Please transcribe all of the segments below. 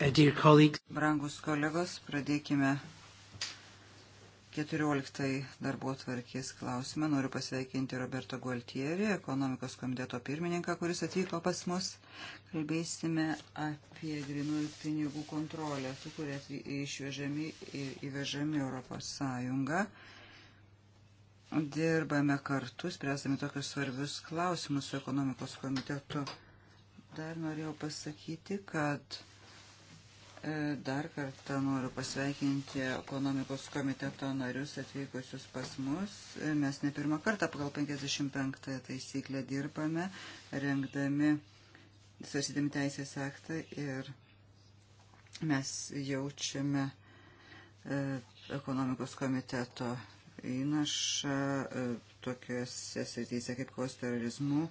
Uh, Brangus kolegos, pradėkime 14 darbo tvarkės klausimą. Noriu pasveikinti Roberto Gualtierį, ekonomikos komiteto pirmininką, kuris atvyko pas mus. Kalbėsime apie grinųjų pinigų kontrolę, tų, kurie išvežami ir įvežami Europos Sąjungą. Dirbame kartu, spręsdami tokius svarbius klausimus su ekonomikos komitetu. Dar norėjau pasakyti, kad E, dar kartą noriu pasveikinti ekonomikos komiteto narius atvykusius pas mus. E, mes ne pirmą kartą pagal 55 taisyklę dirbame, rengdami, svarsydami teisės aktą ir mes jaučiame e, ekonomikos komiteto įnašą tokiuose srityse kaip kosterizmu,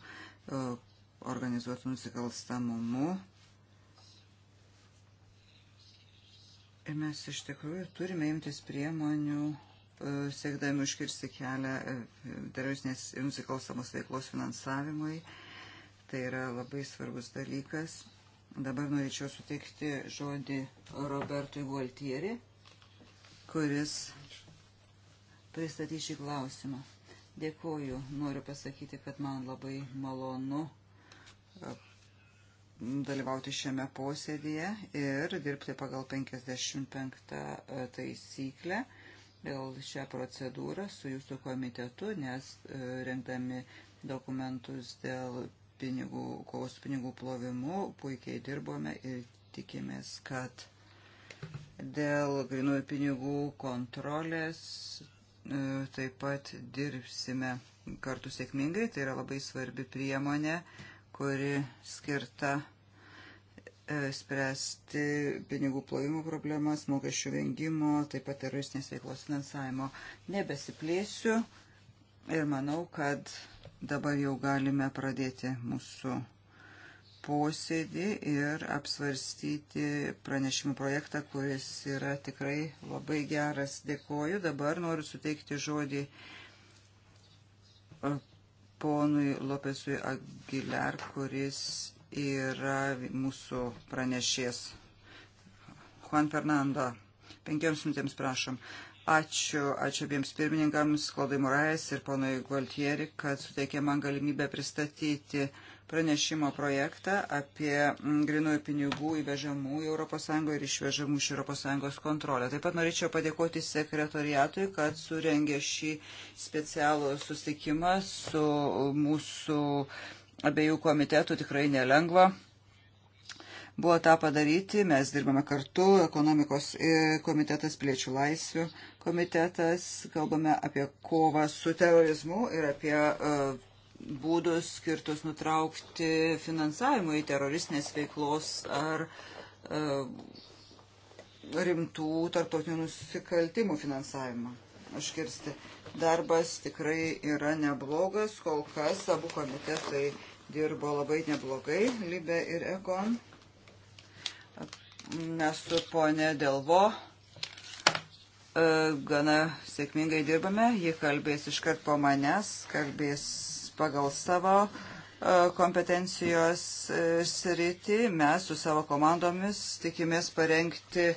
organizuotų nusikalstamumu Mes iš tikrųjų turime imtis priemonių, e, siekdami užkirsti kelią e, teroristinės ir nusikalstamos veiklos finansavimui. Tai yra labai svarbus dalykas. Dabar norėčiau suteikti žodį Robertui Gualtieri, kuris pristatys šį klausimą. Dėkuoju, noriu pasakyti, kad man labai malonu e, dalyvauti šiame posėdėje ir dirbti pagal 55 e, taisyklę vėl šią procedūrą su jūsų komitetu, nes e, rengdami dokumentus dėl pinigų, kovos pinigų plovimu puikiai dirbome ir tikimės, kad dėl grinųjų pinigų kontrolės e, taip pat dirbsime kartu sėkmingai, tai yra labai svarbi priemonė kuri skirta e, spręsti pinigų plovimo problemas, mokesčių vengimo, taip pat teroristinės veiklos finansavimo. Nebesiplėsiu ir manau, kad dabar jau galime pradėti mūsų posėdį ir apsvarstyti pranešimų projektą, kuris yra tikrai labai geras. Dėkoju. Dabar noriu suteikti žodį ponui Lopesui Aguilar, kuris yra mūsų pranešės. Juan Fernando, penkioms minutėms prašom. Ačiū, ačiū abiems pirmininkams, Klaudai Morais ir ponui Gualtieri, kad suteikė man galimybę pristatyti uh, pranešimo projektą apie mm, grinųjų pinigų įvežamų į ES ir išvežamų iš ES kontrolę. Taip pat norėčiau padėkoti sekretoriatui, kad surengė šį specialų susitikimą su mūsų abiejų komitetų, tikrai nelengva. Buvo tą padaryti, mes dirbame kartu, ekonomikos e, komitetas, piliečių laisvių komitetas, kalbame apie kovą su terorizmu ir apie uh, būdus skirtus nutraukti finansavimui teroristinės veiklos ar e, rimtų tarptautinių nusikaltimų finansavimą užkirsti. Darbas tikrai yra neblogas, kol kas abu komitetai dirbo labai neblogai, Libė ir Egon. Mes su ponė Delvo e, gana sėkmingai dirbame, ji kalbės iškart po manęs, kalbės pagal savo e, kompetencijos e, sritį. Mes su savo komandomis tikimės parengti e,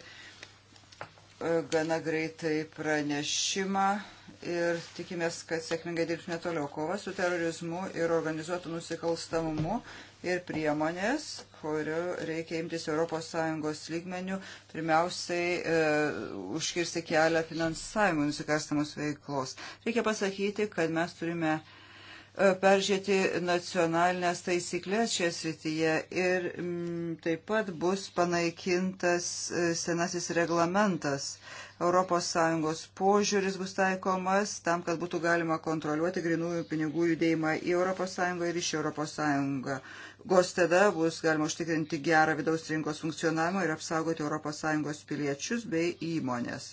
gana greitai pranešimą ir tikimės, kad sėkmingai dirbsime toliau. Kova su terorizmu ir organizuotų nusikalstamumu ir priemonės, kurių reikia imtis ES lygmenių, pirmiausiai e, užkirsti kelią finansavimui nusikalstamos veiklos. Reikia pasakyti, kad mes turime e, E, peržiūrėti nacionalinės taisyklės šioje srityje ir m, mm, taip pat bus panaikintas e, senasis reglamentas. ES požiūris bus taikomas tam, kad būtų galima kontroliuoti grinųjų pinigų judėjimą į ES ir iš ES. Gos tada bus galima užtikrinti gerą vidaus rinkos funkcionavimą ir apsaugoti ES piliečius bei įmonės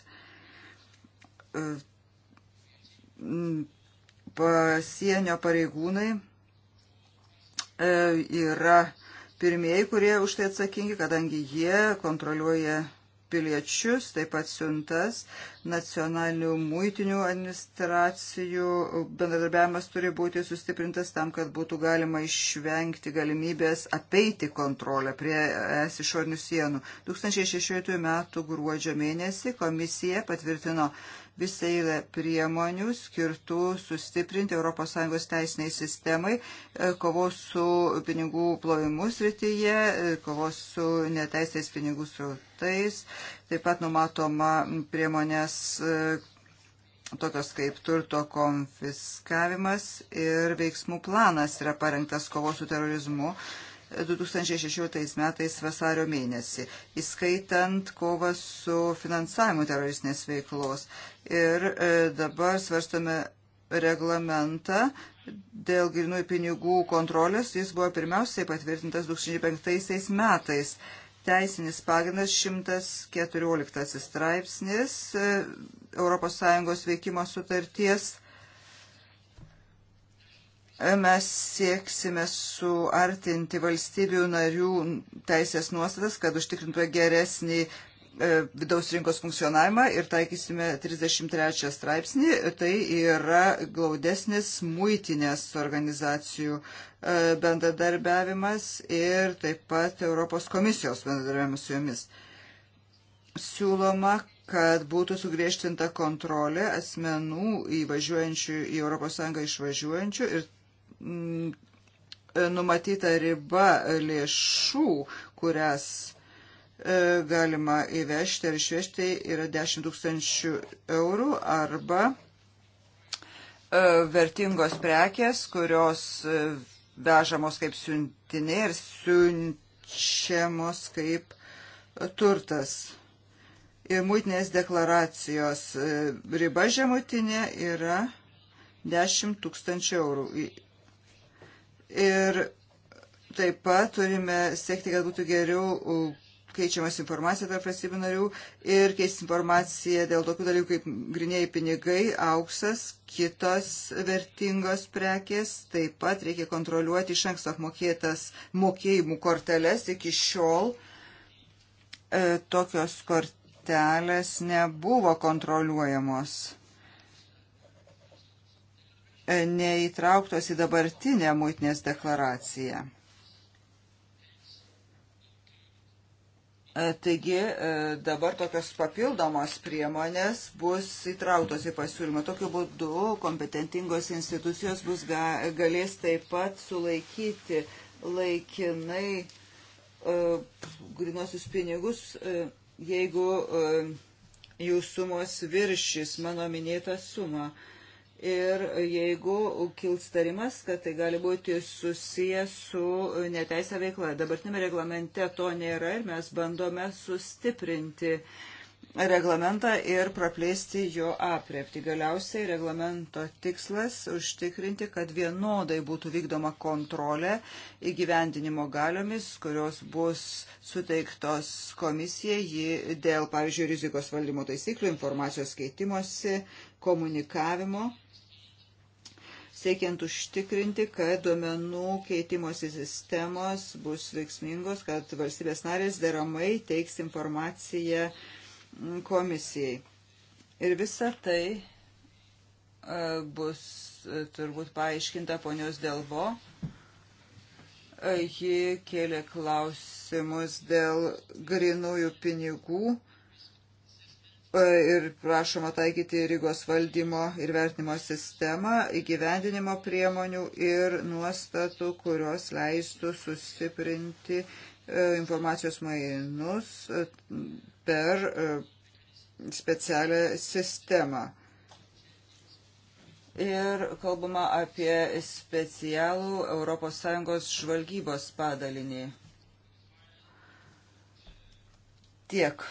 e, pasienio pareigūnai e, yra pirmieji, kurie už tai atsakingi, kadangi jie kontroliuoja piliečius, taip pat siuntas, nacionalinių muitinių administracijų bendradarbiavimas turi būti sustiprintas tam, kad būtų galima išvengti galimybės apeiti kontrolę prie es išorinių sienų. 2016 m. gruodžio mėnesį komisija patvirtino visą eilę priemonių skirtų sustiprinti ES teisiniai sistemai, e, kovos su pinigų plovimu srityje, e, kovos su neteisės pinigų srautais. Taip pat numatoma priemonės e, tokios kaip turto konfiskavimas ir veiksmų planas yra parengtas kovos su terorizmu. Uh, 2016 metais vasario mėnesį, įskaitant kovą su finansavimu teroristinės veiklos. Ir e, dabar svarstame reglamentą dėl grinųjų pinigų kontrolės. Jis buvo pirmiausiai patvirtintas 2005 metais. Teisinis pagrindas 114 straipsnis ES veikimo sutarties mes sieksime suartinti valstybių narių teisės nuostatas, kad užtikrintume geresnį e, vidaus rinkos funkcionavimą ir taikysime 33 straipsnį. Tai yra glaudesnis muitinės organizacijų e, bendradarbiavimas ir taip pat Europos komisijos bendradarbiavimas su jomis. Siūloma, kad būtų sugriežtinta kontrolė asmenų įvažiuojančių į ES išvažiuojančių ir Mm, numatyta riba lėšų, kurias e, galima įvežti ar išvežti yra 10 tūkstančių eurų arba e, vertingos prekės, kurios e, vežamos kaip siuntiniai ir siunčiamos kaip turtas. Ir mūtinės deklaracijos riba žemutinė yra 10 tūkstančių eurų Ir taip pat turime siekti, kad būtų geriau keičiamas informacija tarp valstybių narių ir keis informacija dėl tokių dalykų kaip grinėjai pinigai, auksas, kitos vertingos prekės. Taip pat reikia kontroliuoti iš anksto apmokėtas mokėjimų korteles. Iki šiol e, tokios kortelės nebuvo kontroliuojamos neįtrauktos į dabartinę muitinės deklaraciją. E, taigi e, dabar tokios papildomos priemonės bus įtrauktos į pasiūlymą. Tokiu būdu kompetentingos institucijos bus ga, galės taip pat sulaikyti laikinai uh, e, grinuosius pinigus, uh, jeigu uh, jų sumos viršys mano minėtą sumą. Uh, ir jeigu kils tarimas, kad tai gali būti susijęs su neteisė veikla. Dabartinėme reglamente to nėra ir mes bandome sustiprinti reglamentą ir praplėsti jo apriepti. Galiausiai reglamento tikslas užtikrinti, kad vienodai būtų vykdoma kontrolė įgyvendinimo galiomis, kurios bus suteiktos komisijai dėl, pavyzdžiui, rizikos valdymo taisyklių, informacijos keitimosi, komunikavimo siekiant užtikrinti, kad duomenų keitimosi sistemos bus veiksmingos, kad valstybės narės deramai teiks informaciją komisijai. Ir visa tai e, bus e, turbūt paaiškinta ponios Delvo. E, ji kėlė klausimus dėl grinųjų pinigų E, ir prašoma taikyti Rygos valdymo ir vertinimo sistemą, įgyvendinimo priemonių ir nuostatų, kurios leistų sustiprinti e, informacijos mainus e, per specialią sistemą. Ir kalbama apie specialų ES žvalgybos padalinį. Tiek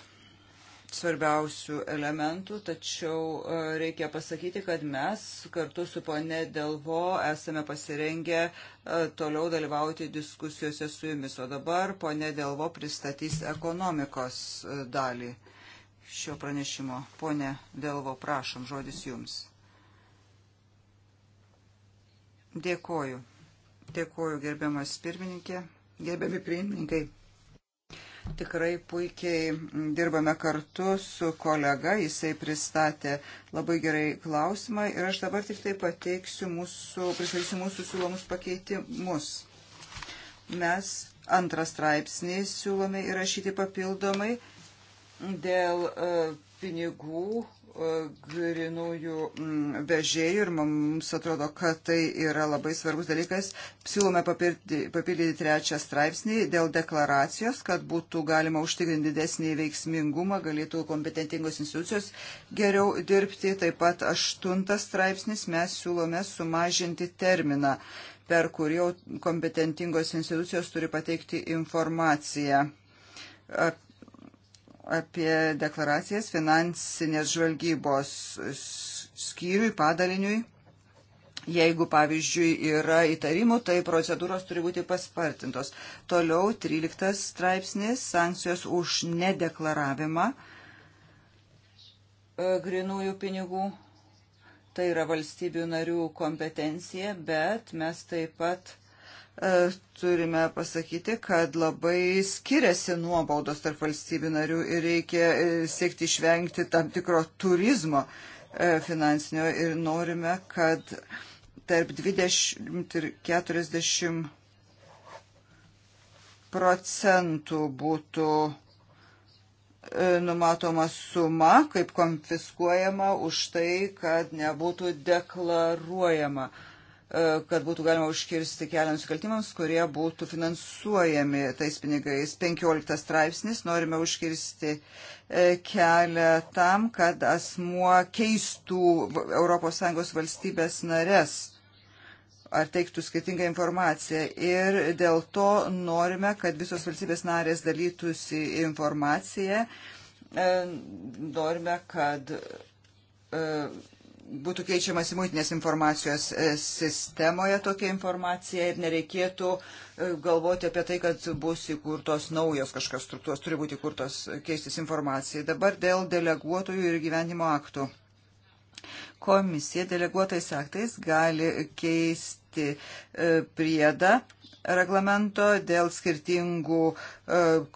svarbiausių elementų, tačiau e, reikia pasakyti, kad mes kartu su ponė Delvo esame pasirengę e, toliau dalyvauti diskusijose su jumis. O dabar ponė Delvo pristatys ekonomikos e, dalį šio pranešimo. Pone Delvo, prašom, žodis jums. Dėkoju. Dėkoju, gerbiamas pirmininkė, gerbiami pirmininkai. Tikrai puikiai dirbame kartu su kolega, jisai pristatė labai gerai klausimą ir aš dabar tik tai pateiksiu mūsų, pristatysiu mūsų siūlomus pakeitimus. Mes antrą straipsnį siūlome įrašyti papildomai dėl e, pinigų grinųjų mm, vežėjų ir mums atrodo, kad tai yra labai svarbus dalykas. Siūlome papildyti trečią straipsnį dėl deklaracijos, kad būtų galima užtikrinti didesnį veiksmingumą, galėtų kompetentingos institucijos geriau dirbti. Taip pat aštuntas straipsnis mes siūlome sumažinti terminą, per kurį kompetentingos institucijos turi pateikti informaciją apie apie deklaracijas finansinės žvalgybos skyriui, padaliniui. Jeigu, pavyzdžiui, yra įtarimų, tai procedūros turi būti paspartintos. Toliau 13 straipsnis - sankcijos už nedeklaravimą e, grinųjų pinigų. Tai yra valstybių narių kompetencija, bet mes taip pat E, turime pasakyti, kad labai skiriasi nuobaudos tarp valstybių narių ir reikia e, siekti išvengti tam tikro turizmo e, finansinio ir norime, kad tarp 20 ir 40 procentų būtų numatoma suma, kaip konfiskuojama už tai, kad nebūtų deklaruojama uh, E, kad būtų galima užkirsti kelią nusikaltimams, kurie būtų finansuojami tais pinigais. 15 straipsnis norime užkirsti e, kelią tam, kad asmuo keistų ES valstybės nares ar teiktų skirtingą informaciją. Ir dėl to norime, kad visos valstybės narės dalytųsi informaciją. E, norime, kad būtų keičiamas įmuitinės informacijos e, sistemoje tokia informacija ir nereikėtų e, galvoti apie tai, kad bus įkurtos naujos kažkas struktūros, turi būti įkurtos e, keistis informacijai. Dabar dėl deleguotojų ir gyvenimo aktų. Komisija deleguotais aktais gali keisti priedą reglamento dėl skirtingų e,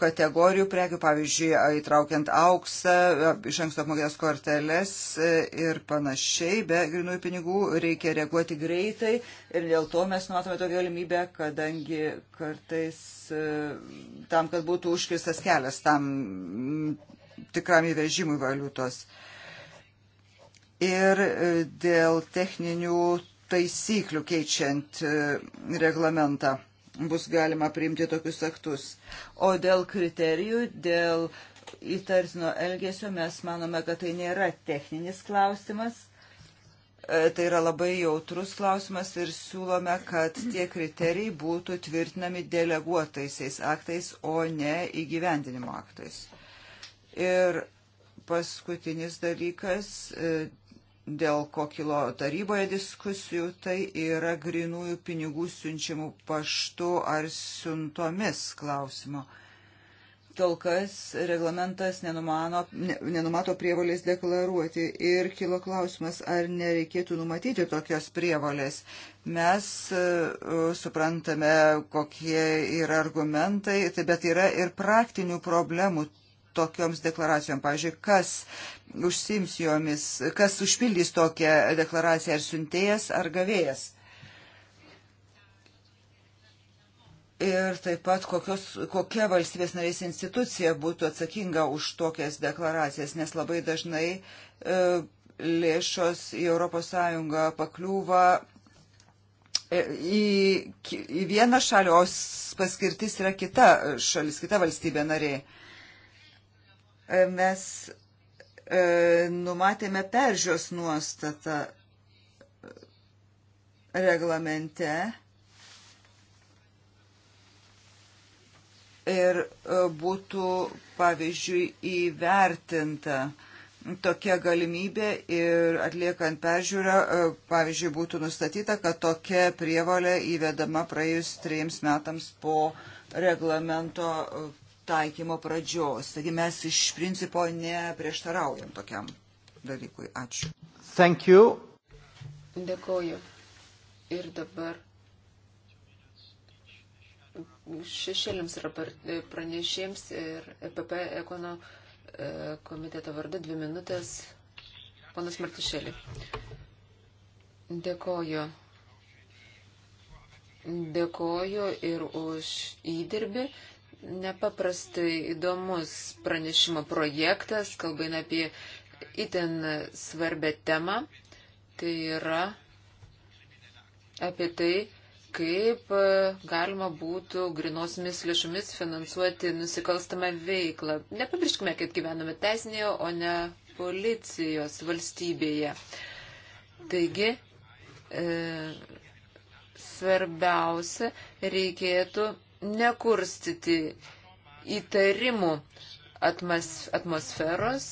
kategorijų prekių, pavyzdžiui, įtraukiant auksą, e, iš anksto apmokės korteles e, ir panašiai, be grinųjų pinigų reikia reaguoti greitai ir dėl to mes matome tokią galimybę, kadangi kartais tam, kad būtų užkirstas kelias tam tikram įvežimui valiutos. Ir dėl techninių taisyklių keičiant reglamentą bus galima priimti tokius aktus. O dėl kriterijų, dėl įtartino elgesio mes manome, kad tai nėra techninis klausimas. E, tai yra labai jautrus klausimas ir siūlome, kad tie kriterijai būtų tvirtinami deleguotaisiais aktais, o ne įgyvendinimo aktais. Ir paskutinis dalykas e, dėl ko kilo taryboje diskusijų, tai yra grinųjų pinigų siunčiamų paštu ar siuntomis klausimo. Kol kas reglamentas nenumano, ne, nenumato prievolės deklaruoti ir kilo klausimas, ar nereikėtų numatyti tokios prievolės. Mes uh, suprantame, kokie yra argumentai, tai bet yra ir praktinių problemų tokioms deklaracijom. Pavyzdžiui, kas užsims jomis, kas užpildys tokią deklaraciją, ar siuntėjas, ar gavėjas. Ir taip pat kokios, kokia valstybės narės institucija būtų atsakinga už tokias deklaracijas, nes labai dažnai e, lėšos į ES pakliūva e, į, į vieną šalį, o paskirtis yra kita šalis, kita valstybė nariai mes e, numatėme peržios nuostatą reglamente ir e, būtų, pavyzdžiui, įvertinta tokia galimybė ir atliekant peržiūrą, e, pavyzdžiui, būtų nustatyta, kad tokia prievalė įvedama praėjus trejams metams po reglamento taikymo pradžios. Taigi mes iš principo neprieštaraujam tokiam dalykui. Ačiū. Thank you. Dėkoju. Ir dabar šešėliams ir e, pranešėjams ir EPP ekono e, komiteto vardu dvi minutės. Ponas Martišėlė. Dėkoju. Dėkoju ir už įdirbį, nepaprastai įdomus pranešimo projektas, kalbain apie itin svarbę temą. Tai yra apie tai, kaip galima būtų grinosmis lėšomis finansuoti nusikalstamą veiklą. Nepamirškime, kad gyvename teisinėje, o ne policijos valstybėje. Taigi, e, svarbiausia, reikėtų nekurstyti įtarimų atmosferos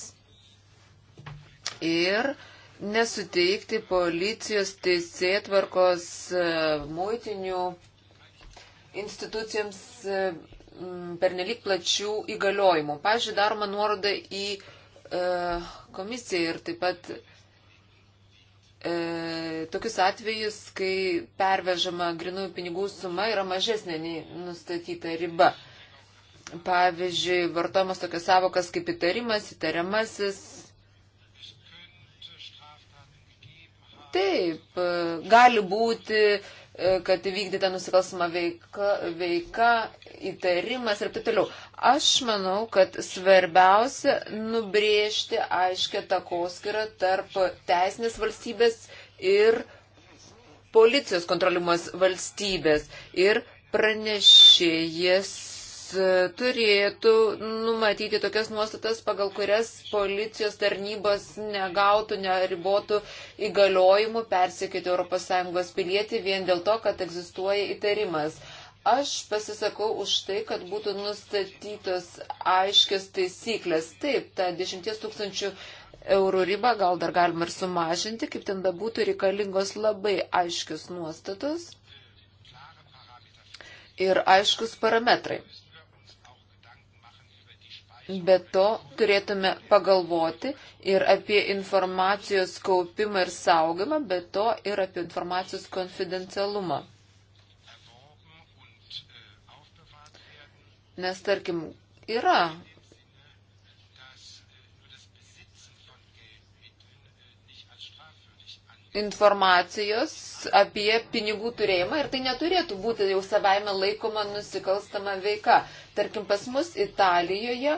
ir nesuteikti policijos teisėtvarkos e, muitinių institucijoms e, pernelik plačių įgaliojimų. Pavyzdžiui, daroma nuoroda į e, komisiją ir taip pat tokius atvejus, kai pervežama grinųjų pinigų suma yra mažesnė nei nustatyta riba. Pavyzdžiui, vartojamas tokias savokas kaip įtarimas, įtariamasis. Taip, gali būti, kad įvykdyta nusikalstama veika, veika, įtarimas ir taip toliau. Aš manau, kad svarbiausia nubrėžti aiškę takoskirą tarp teisinės valstybės ir policijos kontroliumas valstybės ir pranešėjas e, turėtų numatyti tokias nuostatas, pagal kurias policijos tarnybos negautų neribotų įgaliojimų persiekyti ES pilietį vien dėl to, kad egzistuoja įtarimas. Aš pasisakau už tai, kad būtų nustatytos aiškios taisyklės. Taip, ta 10 tūkstančių 000 eurų ribą, gal dar galima ir sumažinti, kaip ten bebūtų reikalingos labai aiškius nuostatos ir aiškus parametrai. Be to turėtume pagalvoti ir apie informacijos kaupimą ir saugimą, be to ir apie informacijos konfidencialumą. Nes, tarkim, yra informacijos apie pinigų turėjimą ir tai neturėtų būti jau savaime laikoma nusikalstama veika. Tarkim, pas mus Italijoje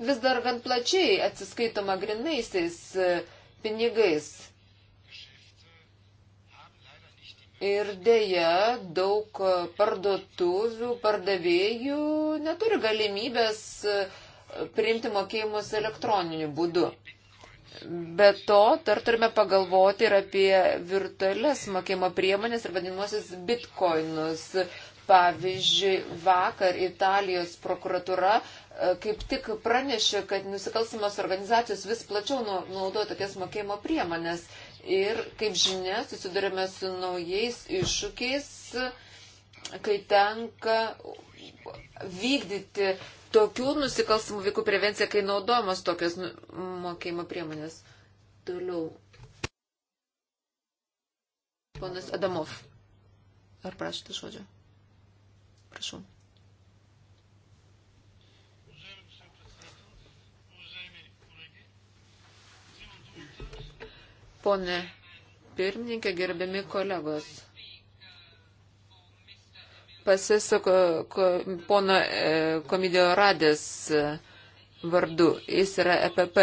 vis dar gan plačiai atsiskaitoma grinaisiais e, pinigais. Ir dėja, daug parduotuvių, pardavėjų neturi galimybės e, priimti mokėjimus elektroniniu būdu. Be to, dar turime pagalvoti ir apie virtualias mokėjimo priemonės ir vadinamosius bitkoinus. Pavyzdžiui, vakar Italijos prokuratura e, kaip tik pranešė, kad nusikalstamos organizacijos vis plačiau nu-, naudoja tokias mokėjimo priemonės. Ir, kaip žinia, susidurime su naujais iššūkiais, kai tenka vykdyti tokių nusikalstamų veikų prevencija, kai naudojamos tokios nu, mokėjimo priemonės. Toliau. Ponas Adamov. Ar prašote žodžio? Prašau. Pone pirmininkė, gerbiami kolegos pasisako pono e, komidio radės e, vardu. Jis yra EPP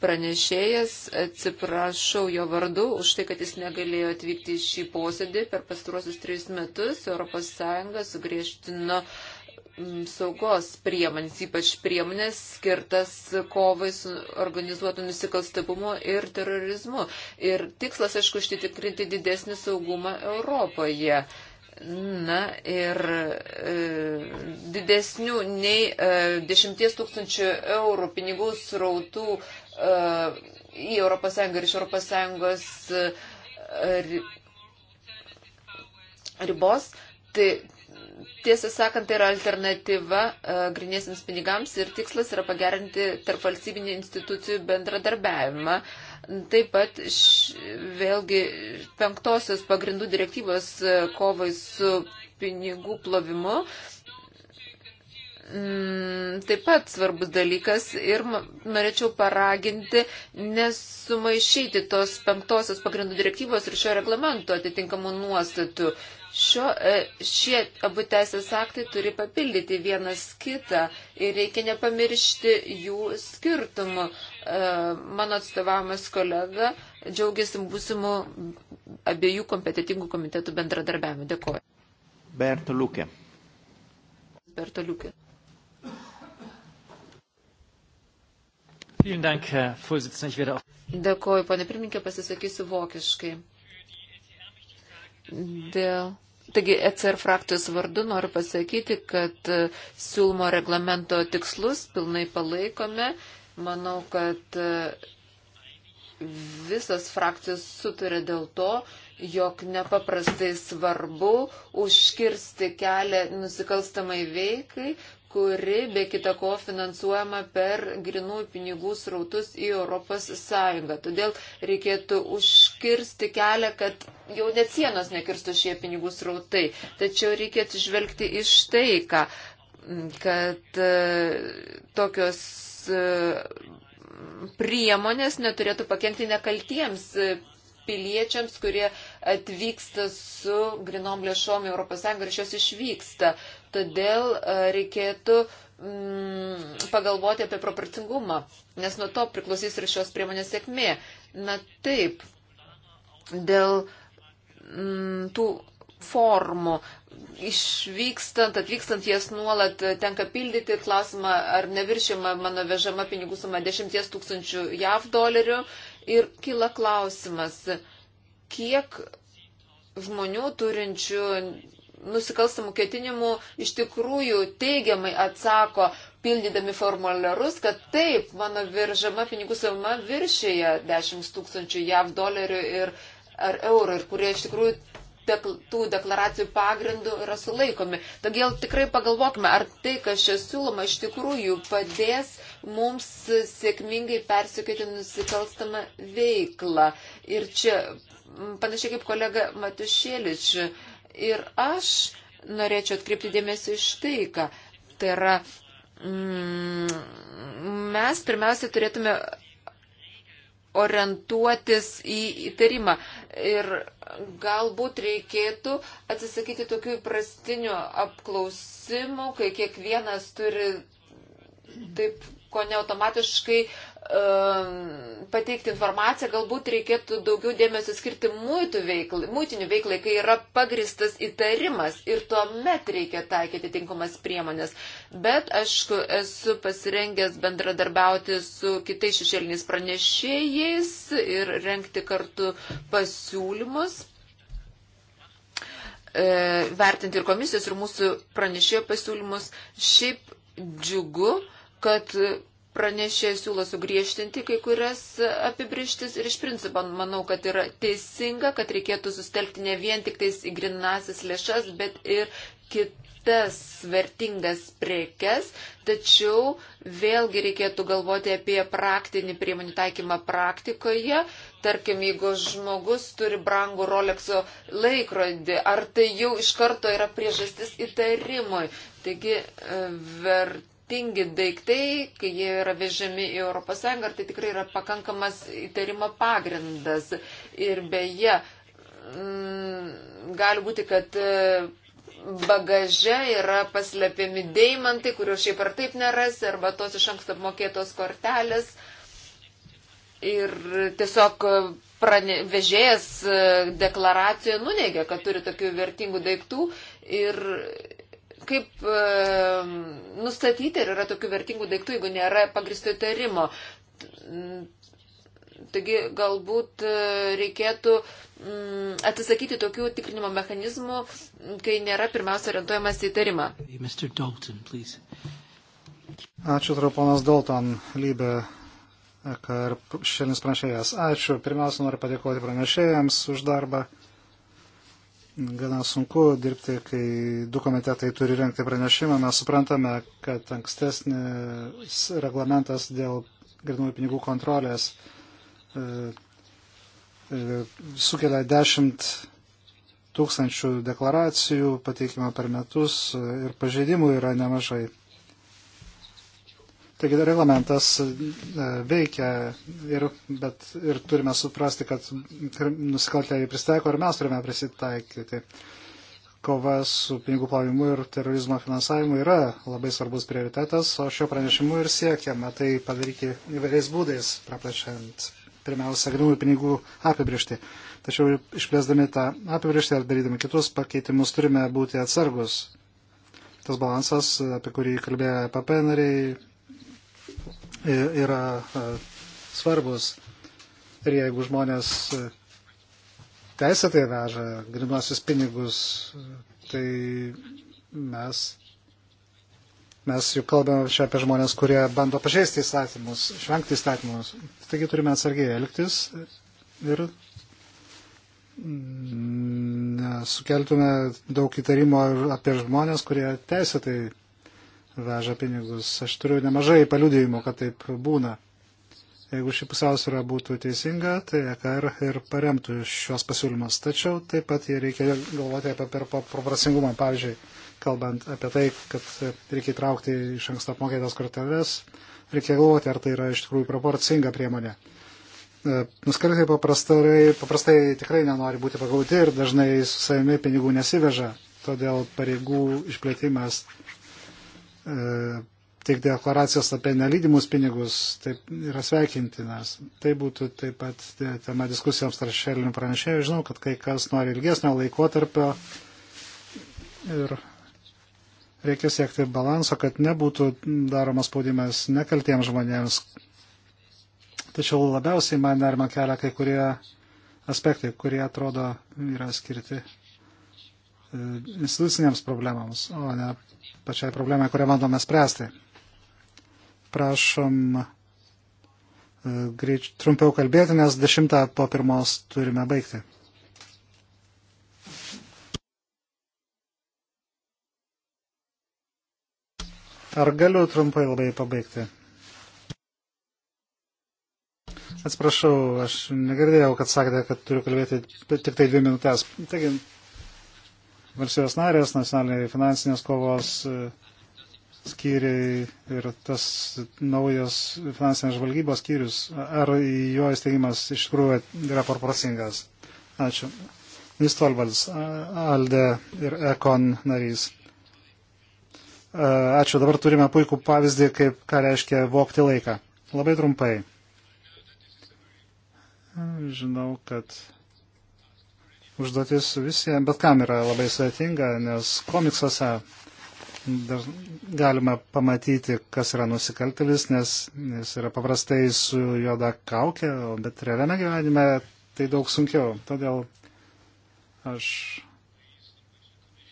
pranešėjas. Atsiprašau jo vardu už tai, kad jis negalėjo atvykti į šį posėdį. Per pastaruosius trejus metus ES sugriežtino saugos priemonės, ypač priemonės skirtas kovai su organizuotu nusikalstabumu ir terorizmu. Ir tikslas, aišku, užtikrinti didesnį saugumą Europoje. Na ir e, didesnių nei e, 10 tūkstančių eurų pinigų srautų e, į ES ir iš ES e, ribos, tai tiesą sakant, tai yra alternatyva e, griniesiams pinigams ir tikslas yra pagerinti tarp valstybinį institucijų bendradarbiavimą. E, Taip pat š, vėlgi penktosios pagrindų direktyvos e, kovai su pinigų plovimu. Mm, taip pat svarbus dalykas ir norėčiau paraginti nesumaišyti tos penktosios pagrindų direktyvos ir šio reglamento atitinkamų nuostatų. Šio, e, šie abu teisės aktai turi papildyti vienas kitą ir reikia nepamiršti jų skirtumų. E, mano atstovavimas kolega džiaugiasi būsimų abiejų kompetitingų komitetų bendradarbiavimu. Dėkuoju. Berto Liukė. Berto Liukė. Dėkuoju, ponė pirmininkė, pasisakysiu vokiškai. Dėl. Taigi ECR frakcijos vardu noriu pasakyti, kad e, siūlymo reglamento tikslus pilnai palaikome Manau, kad e, visas frakcijos sutarė dėl to, jog nepaprastai svarbu užkirsti kelią nusikalstamai veikai, kuri be kita ko finansuojama per grinų pinigų srautus į Europos Sąjungą. Todėl reikėtų užkirsti kelią, kad jau net sienos nekirstų šie pinigų srautai. Tačiau reikėtų žvelgti iš tai, ką, kad e, tokios E, priemonės neturėtų pakengti nekaltiems e, piliečiams, kurie atvyksta su grinom lėšom į ES ir šios išvyksta. Todėl e, reikėtų mm, pagalvoti apie proporcingumą, nes nuo to priklausys ir šios priemonės sėkmė. Na taip, dėl mm, tų formų išvykstant, atvykstant jas nuolat tenka pildyti ir klausimą, ar neviršima mano vežama pinigų suma 10 tūkstančių JAV dolerių. Ir kyla klausimas, kiek žmonių turinčių nusikalstamų ketinimų iš tikrųjų teigiamai atsako, pildydami formularus, kad taip, mano viržama pinigų suma viršyje 10 tūkstančių JAV dolerių ir ar eurų ir kurie iš tikrųjų dekl tų deklaracijų pagrindų yra sulaikomi. Todėl tikrai pagalvokime, ar tai, kas čia siūloma, iš tikrųjų padės mums sėkmingai persikėti nusikalstamą veiklą. Ir čia panašiai kaip kolega Matušėlič. Ir aš norėčiau atkreipti dėmesį iš tai, ką. Tai yra, mm, mes pirmiausia turėtume orientuotis į įtarimą. Ir galbūt reikėtų atsisakyti tokių įprastinių apklausimų, kai kiekvienas turi taip ko ne automatiškai pateikti informaciją, galbūt reikėtų daugiau dėmesio skirti veiklai, mūtinių veiklai, kai yra pagristas įtarimas ir tuomet reikia taikyti tinkamas priemonės. Bet, aišku, esu pasirengęs bendradarbiauti su kitais šešėliniais pranešėjais ir renkti kartu pasiūlymus e, vertinti ir komisijos, ir mūsų pranešėjo pasiūlymus. Šiaip džiugu, kad pranešė siūlo sugriežtinti kai kurias apibrištis ir iš principo manau, kad yra teisinga, kad reikėtų sustelkti ne vien tik tais į grinasis lėšas, bet ir kitas vertingas prekes, tačiau vėlgi reikėtų galvoti apie praktinį priemonių taikymą praktikoje. Tarkim, jeigu žmogus turi brangų Rolexo laikrodį, ar tai jau iš karto yra priežastis įtarimui. Taigi, e, vert vertingi daiktai, kai jie yra vežami į ES, ar tai tikrai yra pakankamas įtarimo pagrindas. Ir beje, mm, gali būti, kad e, bagaže yra paslėpiami deimantai, kurių šiaip ar taip nerasi, arba tos iš anksto apmokėtos kortelės. Ir tiesiog e, prane, vežėjas e, deklaracijoje nuneigia, kad turi tokių vertingų daiktų ir kaip e, nustatyti, ar yra tokių vertingų daiktų, jeigu nėra pagristo įtarimo. Taigi galbūt e, reikėtų mm, atsisakyti tokių tikrinimo mechanizmų, kai nėra pirmiausia orientuojamas į įtarimą. Ačiū, turiu ponas Dalton, lybė ir šiandienis pranešėjas. Ačiū. Pirmiausia, noriu padėkoti pranešėjams už darbą gana sunku dirbti, kai du komitetai turi renkti pranešimą. Mes suprantame, kad ankstesnis reglamentas dėl grinųjų pinigų kontrolės e, e, sukelia 10 tūkstančių deklaracijų pateikimo per metus e, ir pažeidimų yra nemažai. Taigi reglamentas e, veikia, ir, bet ir turime suprasti, kad nusikaltėliai pristaiko ir mes turime prisitaikyti. Kova su pinigų plovimu ir terorizmo finansavimu yra labai svarbus prioritetas, o šio pranešimu ir siekiame tai padaryti įvairiais būdais, praplečiant pirmiausia grinųjų pinigų apibriešti. Tačiau išplėsdami tą apibriešti ar darydami kitus pakeitimus turime būti atsargus. Tas balansas, apie kurį kalbėjo PP e nariai, yra svarbus. Ir jeigu žmonės teisėtai veža grinuosius pinigus, tai mes, mes juk kalbame čia apie žmonės, kurie bando pažeisti įstatymus, švengti įstatymus. Taigi turime atsargiai elgtis ir mm, sukeltume daug įtarimo apie žmonės, kurie teisėtai veža pinigus. Aš turiu nemažai paliudėjimų, kad taip būna. Jeigu ši pusiausvėra būtų teisinga, tai EKR ir paremtų šios pasiūlymus. Tačiau taip pat reikia galvoti apie proporcingumą. Pavyzdžiui, kalbant apie tai, kad reikia įtraukti iš anksto apmokėtas korteles, reikia galvoti, ar tai yra iš tikrųjų proporcinga priemonė. E, Nuskalitai paprastai, paprastai tikrai nenori būti pagauti ir dažnai su savimi pinigų nesiveža. Todėl pareigų išplėtimas teikti deklaracijas apie nelydimus pinigus, taip yra sveikintinas. Tai būtų taip pat tema diskusijoms tarp šelinių pranešėjų. Žinau, kad kai kas nori ilgesnio laikotarpio ir reikia siekti balanso, kad nebūtų daromas spaudimas nekaltiems žmonėms. Tačiau labiausiai man nerima kelia kai kurie aspektai, kurie atrodo yra skirti institucinėms problemams, o ne pačiai problemai, kurią bandome spręsti. Prašom e, greit trumpiau kalbėti, nes dešimtą po pirmos turime baigti. Ar galiu trumpai labai pabaigti? Atsiprašau, aš negirdėjau, kad sakėte, kad turiu kalbėti tik tai dvi minutės. Taigi, valstybės narės, nacionaliniai finansinės kovos e, skyriai ir tas naujas finansinės žvalgybos skyrius, ar jo įsteigimas iš tikrųjų yra proporcingas. Ačiū. Vis Tolvalds, Alde ir Ekon narys. E, ačiū, dabar turime puikų pavyzdį, kaip, ką reiškia vokti laiką. Labai trumpai. Žinau, kad užduotis visiems, bet kam yra labai sudėtinga, nes komiksuose dar galima pamatyti, kas yra nusikaltelis, nes jis yra paprastai su juoda kaukė, bet realiame gyvenime tai daug sunkiau. Todėl aš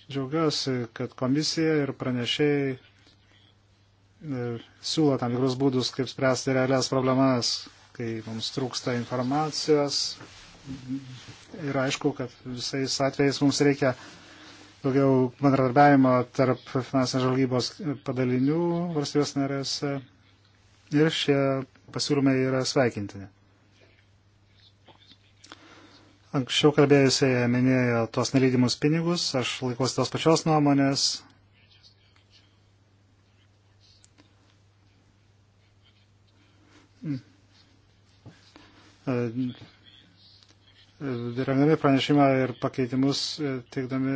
džiaugiuosi, kad komisija ir pranešėjai e, siūlo tam tikrus būdus, kaip spręsti realias problemas, kai mums trūksta informacijos, ir aišku, kad visais atvejais mums reikia daugiau bendradarbiavimo tarp finansinės žvalgybos padalinių valstybės narėse ir šie pasiūlymai yra sveikintini. Anksčiau kalbėjusiai minėjo tuos nelydimus pinigus, aš laikosi tos pačios nuomonės, šį pranešimą ir pakeitimus e, teikdami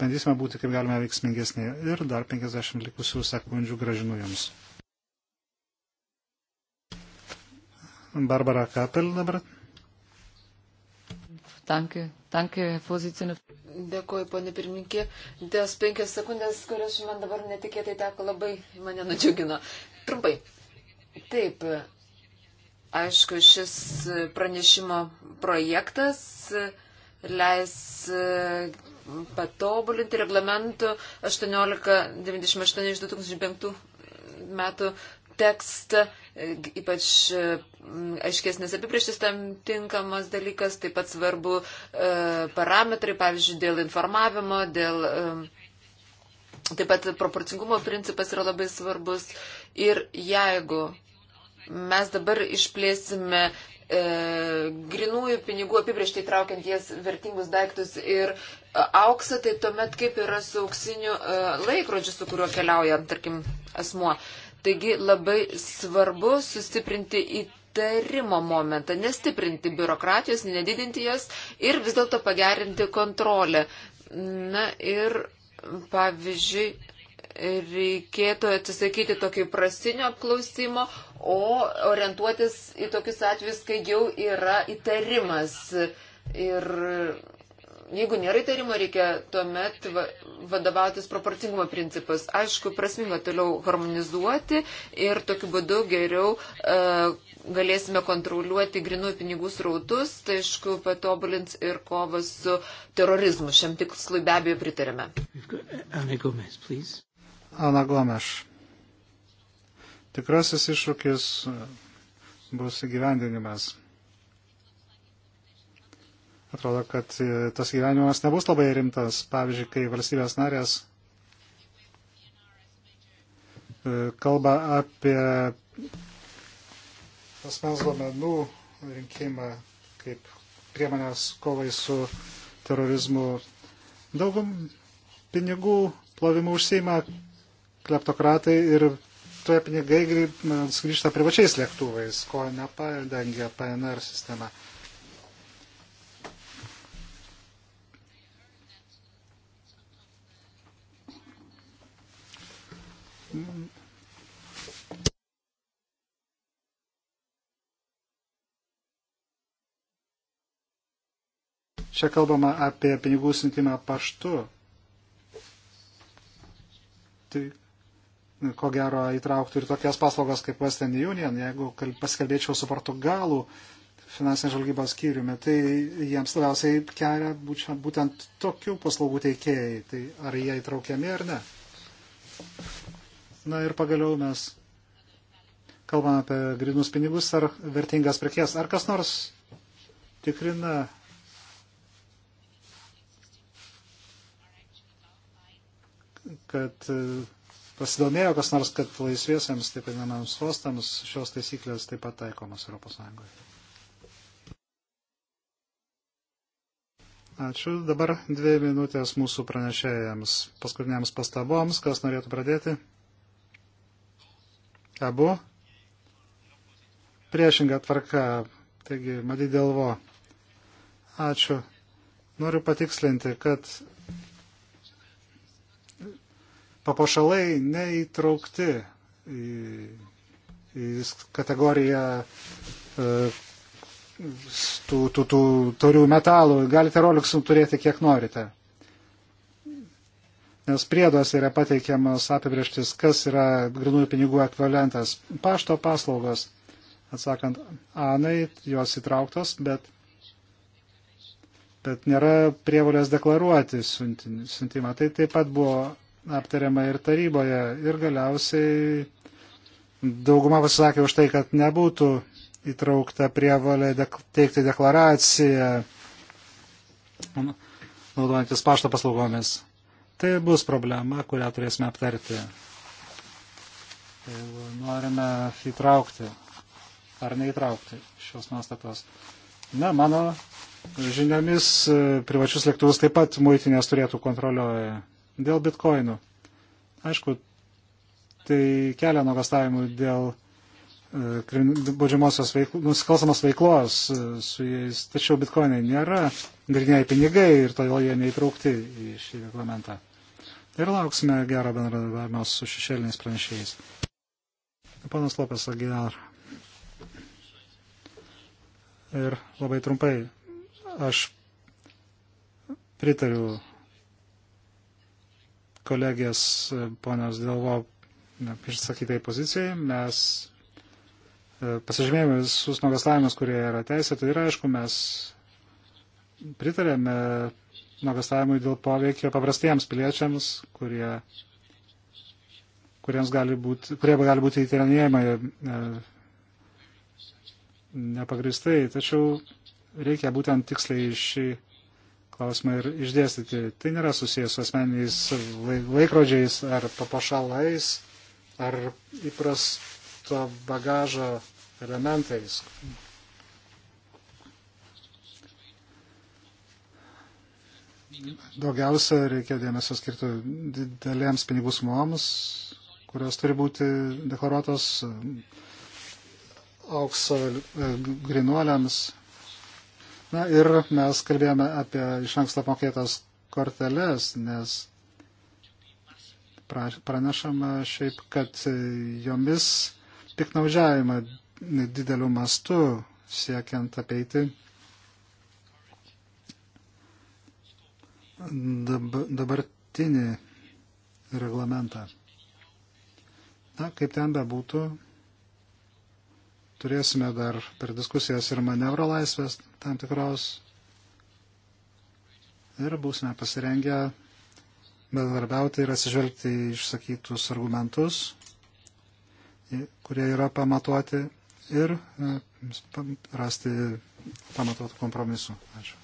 bandysime būti kaip galime veiksmingesni ir dar 50 likusių sekundžių gražinu jums. Barbara Kapel dabar. Danke, danke, Vorsitzende. Dėkuoju, ponė pirmininkė. Dės penkias sekundės, kurios man dabar netikėtai teko, labai mane nudžiugino. Trumpai. Taip, Aišku, šis pranešimo projektas leis e, patobulinti reglamentų 1898 iš 2005 metų tekstą, e, ypač e, aiškesnės apibrieštis tam tinkamas dalykas, taip pat svarbu parametrai, pavyzdžiui, dėl informavimo, dėl taip pat proporcingumo principas yra labai svarbus. Ir jeigu mes dabar išplėsime e, grinųjų pinigų apibrieštai traukiant jas vertingus daiktus ir e, auksą, tai tuomet kaip yra su auksiniu e, laikrodžiu, su kuriuo keliauja, tarkim, asmuo. Taigi labai svarbu sustiprinti į sutarimo momentą, nestiprinti biurokratijos, nedidinti jas ir vis dėlto pagerinti kontrolę. Na ir, pavyzdžiui, reikėtų atsisakyti tokio įprastinio apklausimo, o orientuotis į tokius atvejus, kai jau yra įtarimas. Ir jeigu nėra įtarimo, reikia tuomet vadovautis proporcingumo principus. Aišku, prasminga toliau harmonizuoti ir tokiu būdu geriau e, galėsime kontroliuoti grinų pinigų srautus, tai aišku, patobulins ir kovas su terorizmu. Šiam tikslui be abejo pritarėme. Ana Gomes, please. Ana Gomes. Tikrasis iššūkis bus įgyvendinimas. Atrodo, kad e, tas gyvenimas nebus labai rimtas. Pavyzdžiui, kai valstybės narės e, kalba apie asmens duomenų rinkimą kaip priemonės kovai su terorizmu. Daugum pinigų plovimų užsieima kleptokratai ir tie pinigai grįžta privačiais lėktuvais, ko nepadengia PNR sistema. Čia kalbama apie pinigų siuntimą paštu. Tai ko gero įtrauktų ir tokias paslaugas kaip Western Union, jeigu pasikalbėčiau su Portugalų finansinės žvalgybos skyriumi, tai jiems labiausiai kelia būtent tokių paslaugų teikėjai. Tai ar jie įtraukiami ar ne? Na ir pagaliau mes kalbame apie grinus pinigus ar vertingas prekės. Ar kas nors tikrina kad pasidomėjo kas nors, kad laisviesiams, taip vadinamams sostams, šios taisyklės taip pat taikomas ES. Ačiū. Dabar dvi minutės mūsų pranešėjams, paskutiniams pastaboms, kas norėtų pradėti. Abu. Priešinga tvarka. Taigi, Madi Delvo. Ačiū. Noriu patikslinti, kad papuošalai neįtraukti į, į kategoriją e, tų, tų, tų torių metalų. Galite roliksų turėti kiek norite. Nes priedos yra pateikiamas apibrieštis, kas yra grinųjų pinigų ekvivalentas. Pašto paslaugos, atsakant, anai, jos įtrauktos, bet, bet nėra prievolės deklaruoti siuntimą. Tai taip pat buvo aptariama ir taryboje. Ir galiausiai dauguma pasisakė už tai, kad nebūtų įtraukta prievalė dek teikti deklaraciją naudojantis pašto paslaugomis. Tai bus problema, kurią turėsime aptarti. Jeigu norime įtraukti ar neįtraukti šios nuostatos. Na, mano žiniomis privačius lėktuvus taip pat muitinės turėtų kontroliuoja Dėl bitkoinų. Aišku, tai kelia nuogastavimų dėl e, baudžiamosios veiklo, nusikalstamos veiklos e, su jais, tačiau bitkoinai nėra griniai pinigai ir todėl jie neįtraukti į šį reglamentą. Ir lauksime gero bendradarbiavimo su šešėliniais pranešėjais. Panas Lopes Agilar. Ir labai trumpai, aš pritariu kolegės e, ponios Dilvo išsakytai pozicijai. Mes e, pasižymėjome visus nuogastavimus, kurie yra teisėti ir aišku, mes pritarėme nuogastavimui dėl poveikio paprastiems piliečiams, kurie, kuriems gali būti, kurie gali būti įtirinėjimai e, nepagristai. Tačiau reikia būtent tiksliai šį klausimą ir išdėstyti. Tai nėra susijęs su asmeniniais laikrodžiais ar papašalais ar įprasto bagažo elementais. Daugiausia reikia dėmesio skirti didelėms pinigų sumoms, kurios turi būti deklaruotos aukso e, grinuoliams, Na ir mes kalbėjome apie iš anksto mokėtas korteles, nes pranešama šiaip, kad jomis piknaudžiavimą dideliu mastu siekiant apeiti dabartinį reglamentą. Na, kaip ten bebūtų, turėsime dar per diskusijas ir manevro laisvės tam tikros ir būsime pasirengę bendarbiauti ir atsižvelgti išsakytus argumentus, kurie yra pamatuoti ir e, rasti pamatuotų kompromisų. Ačiū.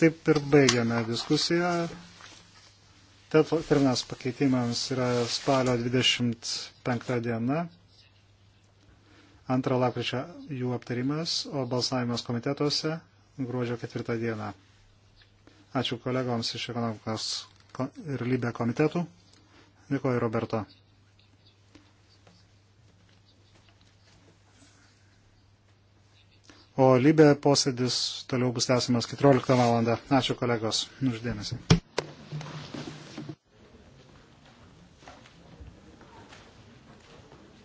Taip ir baigiame diskusiją. Terminas pakeitimams yra spalio 25 diena. Antrą lapkričio jų aptarimas, o balsavimas komitetuose gruodžio 4 dieną. Ačiū kolegoms iš ekonomikos ir lybė komitetų. Dėkuoju, Roberto. O lybė posėdis toliau bus tęsiamas 14 val. Ačiū kolegos. Uždėmesi.